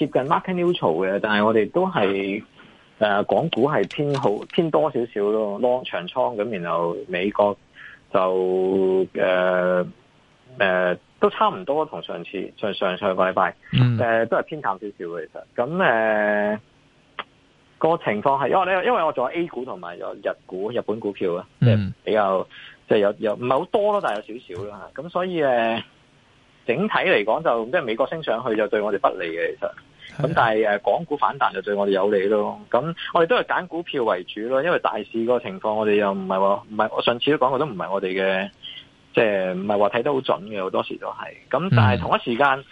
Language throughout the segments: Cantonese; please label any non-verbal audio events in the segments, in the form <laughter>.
接近 market neutral 嘅，但係我哋都係誒、呃、港股係偏好偏多少少咯，long 長倉咁，然後美國就誒誒、呃呃、都差唔多同上次上上上個禮拜誒、呃、都係偏淡少少嘅，其實咁誒、呃、個情況係因為咧，因為我仲有 A 股同埋有日股、日本股票啊，即、嗯、係比較即係、就是、有有唔係好多咯，但係有少少啦，咁所以誒、呃、整體嚟講就即係美國升上去就對我哋不利嘅，其實。咁、嗯、但係誒，港、呃、股反彈就對我哋有利咯。咁、嗯、我哋都係揀股票為主咯，因為大市個情況我哋又唔係話唔係，我上次都講過，都唔係我哋嘅，即係唔係話睇得好準嘅，好多時都係。咁但係同一時間，誒、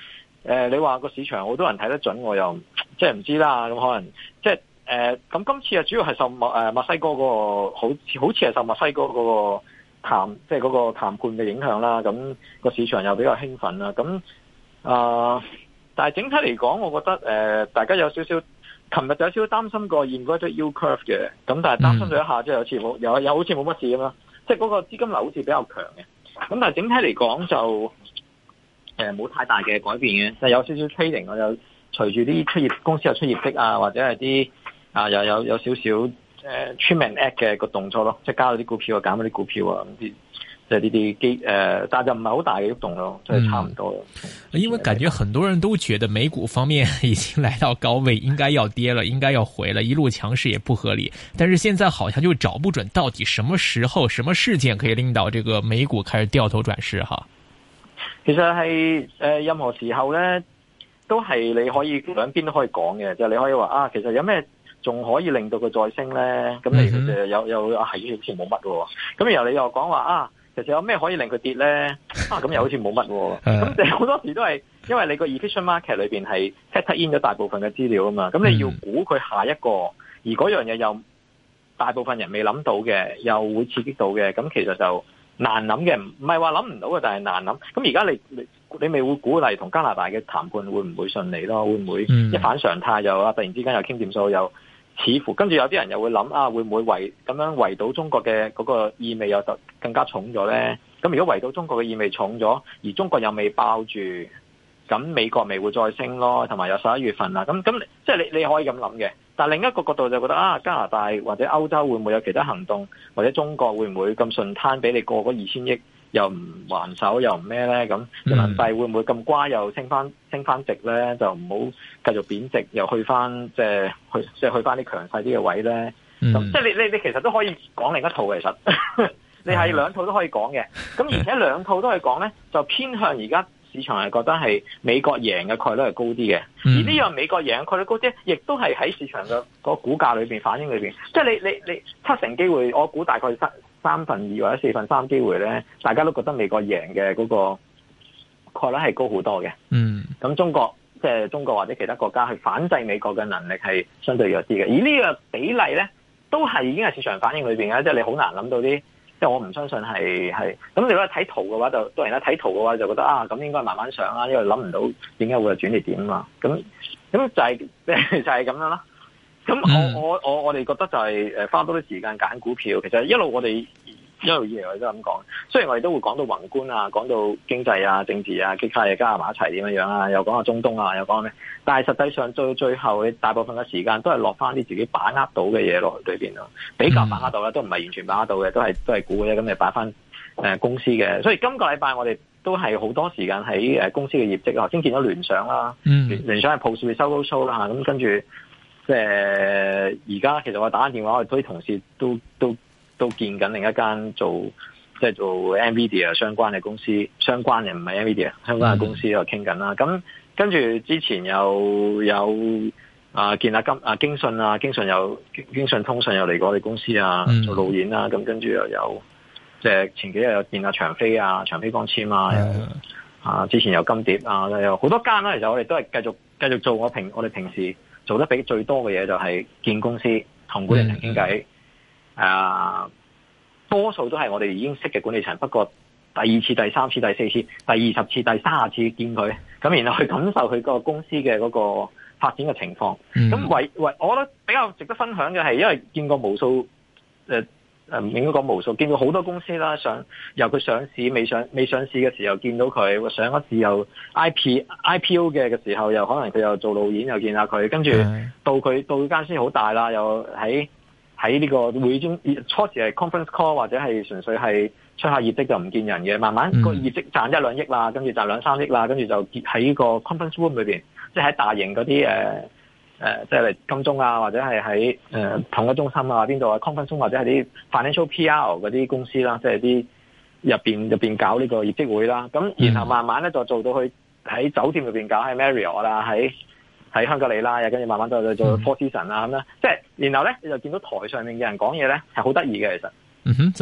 呃，你話個市場好多人睇得準，我又即係唔知啦。咁可能即係誒，咁、呃、今次啊，主要係受墨誒，墨、呃、西哥嗰、那個好似好似係受墨西哥嗰個談即係嗰個談判嘅影響啦。咁、那個市場又比較興奮啦。咁啊。呃但係整體嚟講，我覺得誒、呃，大家有少少，琴日就有少少擔心過現嗰堆 U curve 嘅，咁但係擔心咗一下，即、嗯、係好似冇有有好似冇乜事咁咯，即係嗰個資金流好似比較強嘅，咁但係整體嚟講就誒冇、呃、太大嘅改變嘅，但係有少少 trading，我有隨住啲出業公司有出業績啊，或者係啲啊又有有，有，有少少誒 trimming at 嘅個動作咯，即係加咗啲股票啊，減咗啲股票啊咁啲。即係呢啲機誒、呃，但就唔係好大嘅波動咯，即係差唔多了、嗯。因為感覺很多人都覺得美股方面已經來到高位，應該要跌啦，應該要回啦，一路強勢也不合理。但是現在好像就找不準到底什麼時候、什麼事件可以令到這個美股開始掉頭轉勢哈。其實係誒、呃，任何時候咧都係你可以兩邊都可以講嘅，就係、你可以話啊，其實有咩仲可以令到佢再升咧？咁、嗯、你有有係好似冇乜嘅喎？咁然後你又講話啊？其實有咩可以令佢跌咧？咁、啊、又好似冇乜喎。咁 <laughs> 好、嗯、多時都係因為你個 efficient market 裏面係 set in 咗大部分嘅資料啊嘛。咁你要估佢下一個，而嗰樣嘢又大部分人未諗到嘅，又會刺激到嘅。咁其實就難諗嘅，唔係話諗唔到嘅，但係難諗。咁而家你你你未會估，例如同加拿大嘅談判會唔會順利咯？會唔會一反常態又啊？突然之間又傾掂數又？似乎跟住有啲人又會諗啊，會唔會圍咁樣圍到中國嘅嗰個意味又就更加重咗呢？咁如果圍到中國嘅意味重咗，而中國又未包住，咁美國咪會再升咯？同埋有十一月份啦，咁咁即係你你可以咁諗嘅。但另一個角度就覺得啊，加拿大或者歐洲會唔會有其他行動，或者中國會唔會咁順攤俾你過嗰二千億？又唔還手，又唔咩咧，咁人民幣會唔會咁乖又升翻、mm -hmm. 升翻值咧？就唔好繼續貶值，又去翻即係去即係去翻啲強勢啲嘅位咧。咁即係你你你其實都可以講另一套其實， <laughs> 你係兩套都可以講嘅。咁而且兩套都可以講咧，就偏向而家市場係覺得係美國贏嘅概率係高啲嘅。Mm -hmm. 而呢個美國贏嘅概率高啲，亦都係喺市場嘅個股價裏面反映裏面。即係、就是、你你你七成機會，我估大概七。三分二或者四分三機會咧，大家都覺得美國贏嘅嗰個概率係高好多嘅。嗯，咁中國即係、就是、中國或者其他國家去反制美國嘅能力係相對弱啲嘅。而呢個比例咧，都係已經係市場反應裏邊嘅，即、就、係、是、你好難諗到啲。即、就、係、是、我唔相信係係。咁你如果睇圖嘅話就，就當然啦。睇圖嘅話就覺得啊，咁應該慢慢上啦，因為諗唔到點解會有轉捩點啊嘛。咁咁就係即係就係、是、咁樣啦。咁我我我我哋覺得就係誒花多啲時間揀股票，其實一路我哋一路以來我哋都係咁講。雖然我哋都會講到宏觀啊，講到經濟啊、政治啊、其他嘢加埋一齊點樣樣啊，又講下中東啊，又講咩，但係實際上最最後，你大部分嘅時間都係落翻啲自己把握到嘅嘢落去裏邊咯。比較把握到咧，都唔係完全把握到嘅，都係都係估嘅。咁你擺翻誒公司嘅，所以今、呃、個禮拜我哋都係好多時間喺誒公司嘅業績啊。先見咗聯想啦，聯想係 post 收高收啦嚇，咁、啊、跟住。即係而家，其實我打完電話，我哋啲同事都都都見緊另一間做即係做 NVIDIA 相關嘅公司，相關嘅唔係 NVIDIA 相關嘅公司又傾緊啦。咁跟住之前又有有啊，見下金啊，京信啊，京信又京信通訊又嚟過我哋公司啊、嗯，做路演啦。咁跟住又有即係、就是、前幾日又見下長飛啊，長飛光纖、嗯、啊，啊之前有金蝶啊，又好多間啦。其實我哋都係繼續繼續做我們平我哋平時。做得比最多嘅嘢就係見公司同管理層傾偈，啊，多數都係我哋已經識嘅管理層，不過第二次、第三次、第四次、第二十次、第三十次見佢，咁然後去感受佢個公司嘅嗰個發展嘅情況。咁為為我覺得比較值得分享嘅係，因為見過無數、呃誒，應該講無數，見到好多公司啦。上由佢上市未上未上市嘅時候見到佢，上一次又 I P I P O 嘅嘅時候，又可能佢又做路演又見下佢，跟住到佢到間先好大啦，又喺喺呢個會中初時係 conference call 或者係純粹係出下業績就唔見人嘅，慢慢個業績賺一兩億啦，跟住賺兩三億啦，跟住就喺個 conference room 裏面，即係喺大型嗰啲誒、呃，即係金鐘啊，或者係喺誒統一中心啊，邊度 <music> 啊，conference 或者係啲 financial PR 嗰啲公司啦、啊，即係啲入面入邊搞呢個業績會啦、啊，咁然後慢慢咧就做到去喺酒店入面搞喺 Marriott 啦，喺喺香格里拉，又跟住慢慢再做再 Four Seasons 啊咁啦、嗯啊，即係然後咧你就見到台上面嘅人講嘢咧係好得意嘅，其實嗯哼，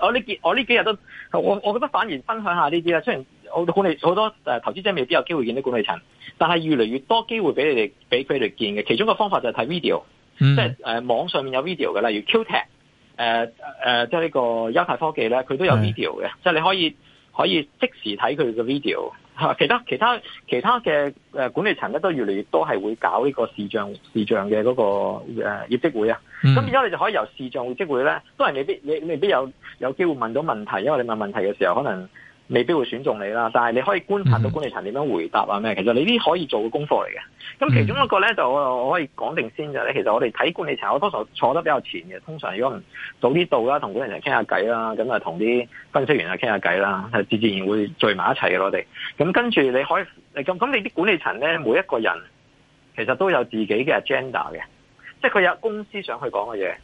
我我呢幾我呢幾日都我我覺得反而分享下呢啲咧真，雖然我管理好多誒投資者未必有機會見到管理層，但係越嚟越多機會俾你哋俾佢哋見嘅。其中嘅方法就係睇 video、嗯、即係誒、呃、網上面有 video 嘅，例如 QTech 即係呢個優泰科技咧，佢都有 video 嘅，即係你可以可以即時睇佢嘅 video 其，其他其他其他嘅誒管理層咧，都越嚟越多係會搞呢個視像視像嘅嗰個誒、呃、業績會啊。咁而家你就可以由視像業績會咧，都係未必你未必有有機會問到問題，因為你問問題嘅時候可能。未必會選中你啦，但係你可以觀察到管理層點樣回答啊咩？Mm -hmm. 其實你呢啲可以做嘅功課嚟嘅。咁其中一個咧，就我，我可以講定先就咧，其實我哋睇管理層，我多數坐得比較前嘅。通常如果唔早啲到啦，同管理層傾下偈啦，咁啊同啲分析員啊傾下偈啦，自自然會聚埋一齊嘅我哋。咁跟住你可以，咁咁你啲管理層咧，每一個人其實都有自己嘅 agenda 嘅，即係佢有公司想去講嘅嘢，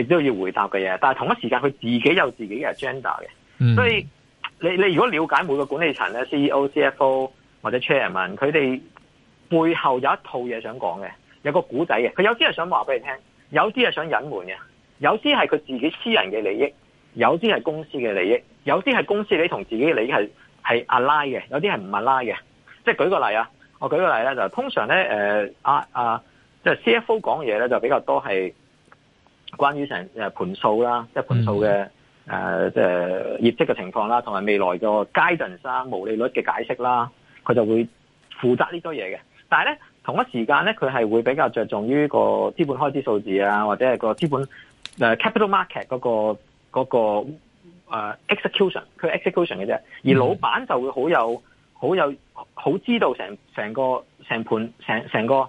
亦都要回答嘅嘢。但係同一時間，佢自己有自己嘅 agenda 嘅，mm -hmm. 所以。你你如果了解每個管理層咧，CEO、CFO 或者 Chairman，佢哋背後有一套嘢想講嘅，有個故仔嘅。佢有啲係想話俾你聽，有啲係想隱瞞嘅，有啲係佢自己私人嘅利益，有啲係公司嘅利益，有啲係公司你同自己嘅利益係 align 嘅，有啲係唔 align 嘅。即係舉個例啊，我舉個例咧就通常咧誒啊啊，即、啊就是、CFO 講嘢咧就比較多係關於成盤數啦，即係盤數嘅。嗯誒、呃，即係業績嘅情況啦，同埋未來個階段啦，毛利率嘅解釋啦，佢就會負責呢堆嘢嘅。但係咧，同一時間咧，佢係會比較着重於個資本開支數字啊，或者係個資本誒、呃、Capital Market 嗰、那個嗰、那個誒、呃、execution，佢 execution 嘅啫。而老闆就會好有好有好知道成成個成盤成成個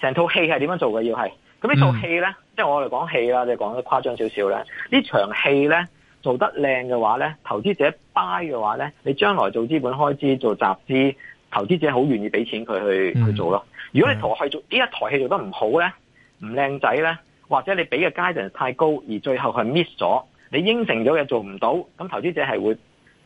成套戲係點樣做嘅，要係咁呢套戲咧，即係我哋講戲啦，即係講得誇張少少咧，場戲呢場戲咧。做得靚嘅話咧，投資者 buy 嘅話咧，你將來做資本開支做集資，投資者好願意俾錢佢去去做咯。如果你台戲做呢一台戲做得唔好咧，唔靚仔咧，或者你俾嘅 guidance 太高，而最後係 miss 咗，你應承咗嘅做唔到，咁投資者係會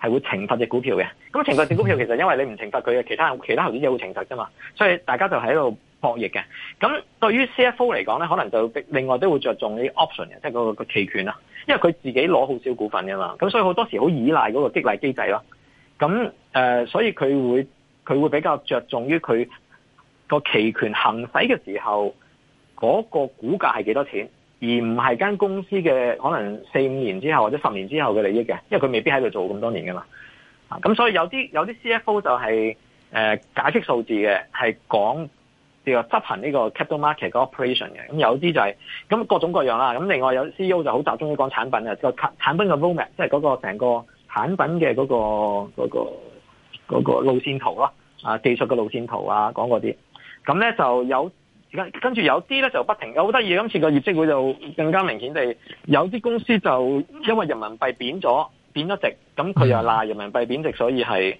係會懲罰隻股票嘅。咁懲罰隻股票其實因為你唔懲罰佢嘅，其他其他投資者會懲罰啫嘛。所以大家就喺度。博弈嘅，咁對於 CFO 嚟講咧，可能就另外都會著重啲 option 嘅，即係嗰個期權啦。因為佢自己攞好少股份㗎嘛，咁所以好多時好依賴嗰個激勵機制咯。咁誒、呃，所以佢會佢會比較著重於佢個期權行使嘅時候嗰、那個股價係幾多錢，而唔係間公司嘅可能四五年之後或者十年之後嘅利益嘅，因為佢未必喺度做咁多年㗎嘛。啊，咁所以有啲有啲 CFO 就係、是、誒、呃、解釋數字嘅，係講。執行呢個 capital market 嘅 operation 嘅，咁有啲就係、是、咁各種各樣啦。咁另外有 CEO 就好集中於講產品嘅，個、就、產、是、產品嘅 roadmap，即係嗰個成個產品嘅嗰、那個嗰、那個那個、路線圖咯，啊技術嘅路線圖啊，講嗰啲。咁咧就有跟跟住有啲咧就不停，好得意。今次個業績會就更加明顯地，有啲公司就因為人民幣貶咗，貶咗值，咁佢又賴人民幣貶值，所以係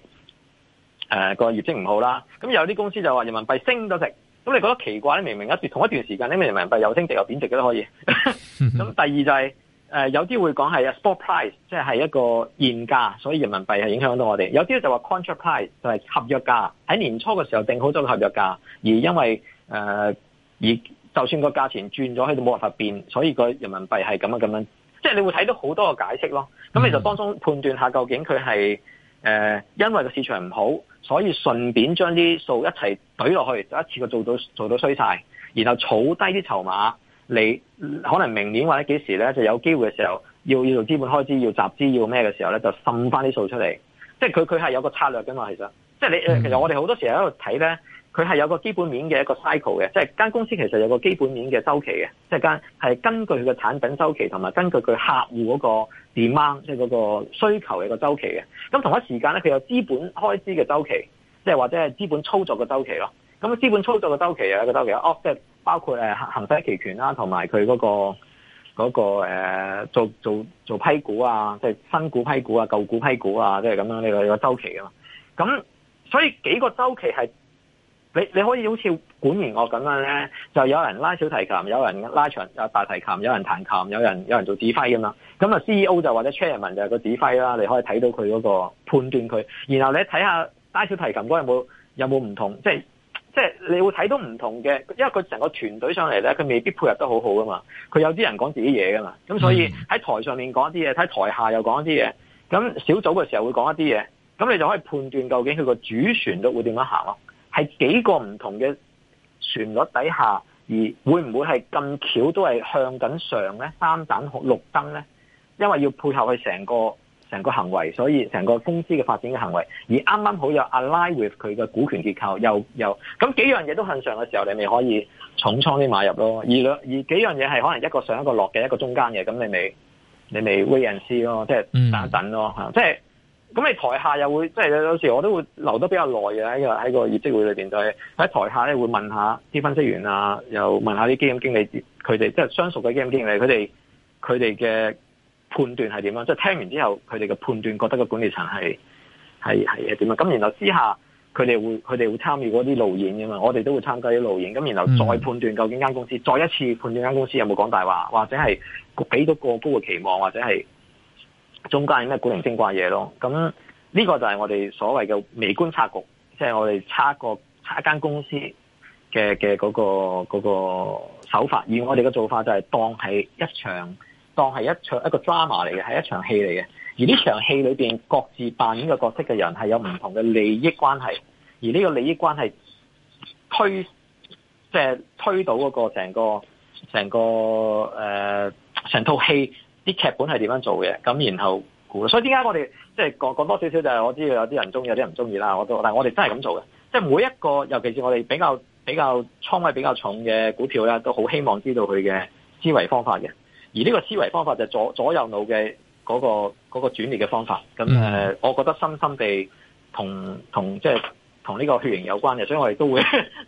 誒個業績唔好啦。咁有啲公司就話人民幣升咗值。咁你覺得奇怪咧？明明一段同一段時間咧，你明明人民幣又升值又貶值嘅都可以。咁 <laughs> 第二就係、是呃、有啲會講係 spot price，即係一個現價，所以人民幣係影響到我哋。有啲咧就話 contract price，就係合約價。喺年初嘅時候定好咗個合約價，而因為誒、呃、而就算個價錢轉咗，佢冇辦法變，所以個人民幣係咁樣咁樣。即係、就是、你會睇到好多個解釋咯。咁你就當中判斷下究竟佢係。誒、呃，因為個市場唔好，所以順便將啲數一齊懟落去，就一次過做到做到衰晒，然後儲低啲籌碼，你可能明年或者幾時咧就有機會嘅時候，要要做資本開支、要集資、要咩嘅時候咧，就滲翻啲數出嚟。即係佢佢係有個策略㗎嘛、嗯，其實，即係你其實我哋好多時喺度睇咧。佢係有個基本面嘅一個 cycle 嘅，即係間公司其實有個基本面嘅周期嘅，即係間係根據佢嘅產品周期，同埋根據佢客戶嗰個 demand，即係嗰個需求嘅個周期嘅。咁同一時間咧，佢有資本開支嘅周期，即係或者係資本操作嘅周期咯。咁資本操作嘅周期啊，個周期哦，即係包括行行使期權啦，同埋佢嗰個嗰、嗰個、呃、做做做批股啊，即係新股批股啊，舊股批股啊，即係咁樣呢、呢個周期啊嘛。咁所以幾個周期係。你你可以好似管弦樂咁樣咧，就有人拉小提琴，有人拉長啊大提琴，有人彈琴，有人有人做指揮㗎嘛。咁啊，C E O 就或者 Chairman 就係個指揮啦。你可以睇到佢嗰、嗰個判斷佢，然後你睇下拉小提琴嗰個有冇有冇唔同，即係即係你會睇到唔同嘅，因為佢成個團隊上嚟咧，佢未必配合得好好噶嘛。佢有啲人講自己嘢噶嘛，咁所以喺台上面講一啲嘢，喺台下又講一啲嘢，咁小組嘅時候會講一啲嘢，咁你就可以判斷究竟佢個主旋律會點樣行咯、啊。係幾個唔同嘅旋律底下，而會唔會係咁巧都係向緊上咧？三盞綠燈咧，因為要配合佢成個成個行為，所以成個公司嘅發展嘅行為，而啱啱好有 align with 佢嘅股權結構，又又咁幾樣嘢都向上嘅時候，你咪可以重倉啲買入咯。而兩而幾樣嘢係可能一個上一個落嘅，一個中間嘅，咁你咪你咪 wait and see 咯，即係等一等咯，吓、嗯、即係。咁你台下又會即係、就是、有時我都會留得比較耐嘅喺個喺個業績會裏邊，就係、是、喺台下咧會問下啲分析員啊，又問下啲基金經理，佢哋即係相熟嘅基金經理，佢哋佢哋嘅判斷係點樣？即、就、係、是、聽完之後，佢哋嘅判斷覺得個管理層係係係點樣？咁然後私下佢哋會佢哋會參與嗰啲路演噶嘛，我哋都會參加啲路演，咁然後再判斷究竟間公司、嗯、再一次判斷間公司有冇講大話，或者係俾到過高嘅期望，或者係。中間有咩古靈精怪嘢咯？咁呢個就係我哋所謂嘅微觀察局，即係我哋查個查一間公司嘅嘅嗰個手法。而我哋嘅做法就係當係一場，當係一場一個 drama 嚟嘅，係一場戲嚟嘅。而呢場戲裏邊各自扮演嘅角色嘅人係有唔同嘅利益關係，而呢個利益關係推即係推到嗰個成個成個誒成套戲。啲劇本係點樣做嘅？咁然後所以現在、就是、點解我哋即係講講多少少就係我知道有啲人中意，有啲人唔中意啦。我都，但係我哋真係咁做嘅。即、就、係、是、每一個，尤其是我哋比較比較倉位比較重嘅股票咧，都好希望知道佢嘅思維方法嘅。而呢個思維方法就左左右腦嘅嗰、那個嗰、那個轉變嘅方法。咁誒，我覺得深深地同同即係同呢個血型有關嘅，所以我哋都會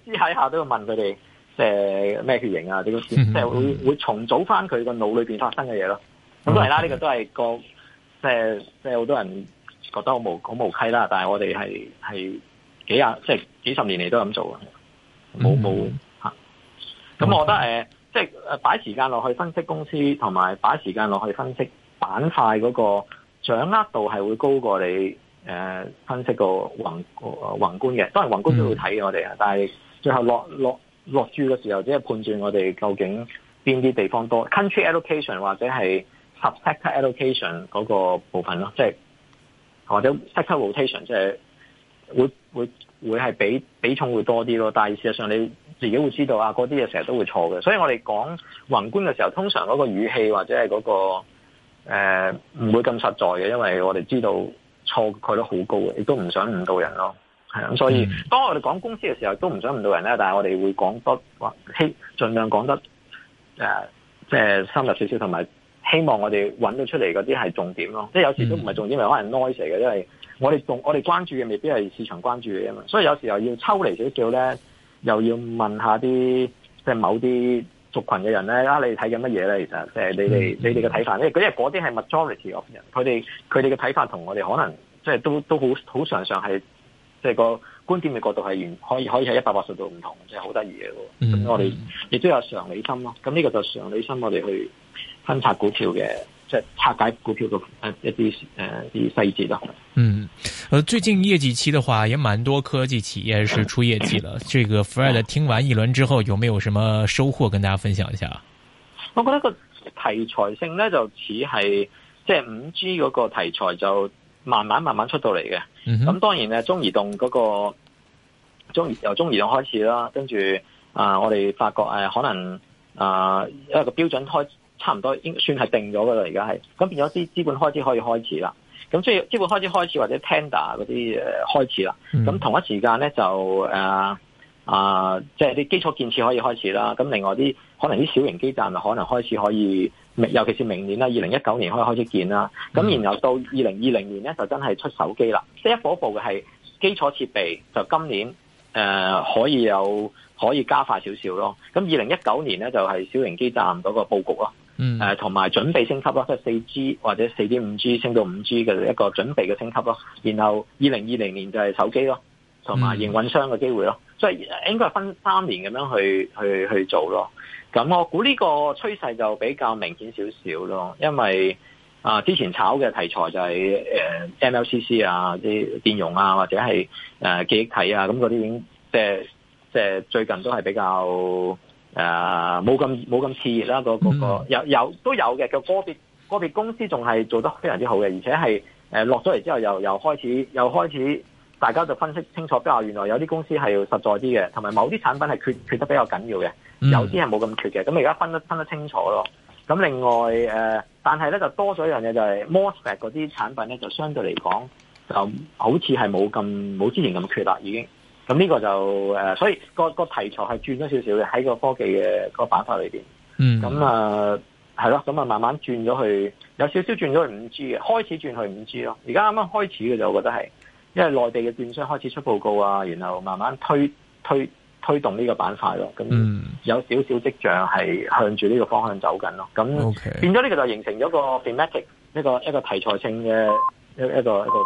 私下下都會問佢哋誒咩血型啊？呢個即係會會重組翻佢個腦裏邊發生嘅嘢咯。咁都係啦，呢個都係個即係即係好多人覺得好無好無稽啦。但係我哋係係即係幾十年嚟都咁做嘅，冇冇嚇。咁我覺得誒即係擺時間落去分析公司同埋擺時間落去分析板塊嗰個掌握度係會高過你誒，呃，分析個宏宏觀嘅。當然宏觀都會睇嘅，我哋啊，但係最後落落落注嘅時候，即係判斷我哋究竟邊啲地方多 country allocation 或者係。sector allocation 嗰個部分咯，即係或者 sector rotation 即係會會會係比比重會多啲咯，但係事實上你自己會知道啊，嗰啲嘢成日都會錯嘅，所以我哋講宏觀嘅時候，通常嗰個語氣或者係嗰個誒唔會咁實在嘅，因為我哋知道錯概率好高嘅，亦都唔想誤導人咯。係啊，所以當我哋講公司嘅時候，都唔想誤導人咧，但係我哋會講得或希盡量講得誒即係深入少少同埋，希望我哋揾到出嚟嗰啲係重點咯，即係有時都唔係重點，係、嗯、可能 noise 嘅，因為我哋仲我哋關注嘅未必係市場關注嘅啊嘛，所以有時候要抽離少少咧，又要問下啲即係某啲族群嘅人咧，啊你睇緊乜嘢咧？其實即係你哋你哋嘅睇法咧，嗰啲嗰啲係 majority of 人，佢哋佢哋嘅睇法同我哋可能即係都都好好常常係即係個觀點嘅角度係完可以可以係一百八十度唔同，即係好得意嘅喎。咁、嗯、我哋亦都有常理心咯。咁呢個就常理心，我哋去。分拆股票嘅，即係拆解股票嘅一啲誒啲細節咯。嗯，而最近業績期嘅話，也蠻多科技企業是出業績啦、嗯。這個 Fred 聽完一輪之後、嗯，有沒有什麼收穫跟大家分享一下？我覺得這個題材性咧就似係即係五 G 嗰個題材就慢慢慢慢出到嚟嘅。咁、嗯、當然咧，中移動嗰、那個中由中移動開始啦，跟住啊，我哋發覺誒、呃、可能啊、呃、一個標準開始。差唔多是了了，應算係定咗噶啦。而家係咁變咗啲資本開支可以開始啦。咁即係資本開支開始或者 tender 嗰啲誒開始啦。咁同一時間咧就誒啊，即係啲基礎建設可以開始啦。咁另外啲可能啲小型基站啊，可能開始可以尤其是明年啦，二零一九年可以開始建啦。咁然後到二零二零年咧，就真係出手機啦。即係一步一步嘅係基礎設備，就今年誒、呃、可以有可以加快少少咯。咁二零一九年咧就係、是、小型基站嗰個佈局咯。誒同埋準備升級咯，即係四 G 或者四點五 G 升到五 G 嘅一個準備嘅升級咯。然後二零二零年就係手機咯，同埋營運商嘅機會咯。所以應該係分三年咁樣去去去做咯。咁我估呢個趨勢就比較明顯少少咯。因為啊、呃，之前炒嘅題材就係、誒呃、MLCC 啊，啲電容啊，或者係誒、呃、記憶體啊，咁嗰啲已經即係即係最近都係比較。誒、呃，冇咁冇咁熾熱啦，嗰、那個個、嗯、有有都有嘅，個個別個別公司仲係做得非常之好嘅，而且係誒落咗嚟之後又又開始又開始，開始大家就分析清楚，比較原來有啲公司係實在啲嘅，同埋某啲產品係缺缺得比較緊要嘅，有啲係冇咁缺嘅，咁而家分得分得清楚咯。咁另外誒、呃，但係咧就多咗一樣嘢就係 MOSFET 嗰啲產品咧就相對嚟講就好似係冇咁冇之前咁缺啦，已經。咁呢個就誒、呃，所以個、那個題材係轉咗少少嘅，喺個科技嘅個板塊裏面。嗯。咁啊，係、呃、咯，咁啊，慢慢轉咗去，有少少轉咗去五 G 嘅，開始轉去五 G 咯。而家啱啱開始嘅就我覺得係，因為內地嘅券商開始出報告啊，然後慢慢推推推動呢個板塊咯。咁、嗯、有少少跡象係向住呢個方向走緊咯。咁、okay. 變咗呢個就形成咗個 Thematic 一個，Thematic，一，個一個題材性嘅一一個一個。一個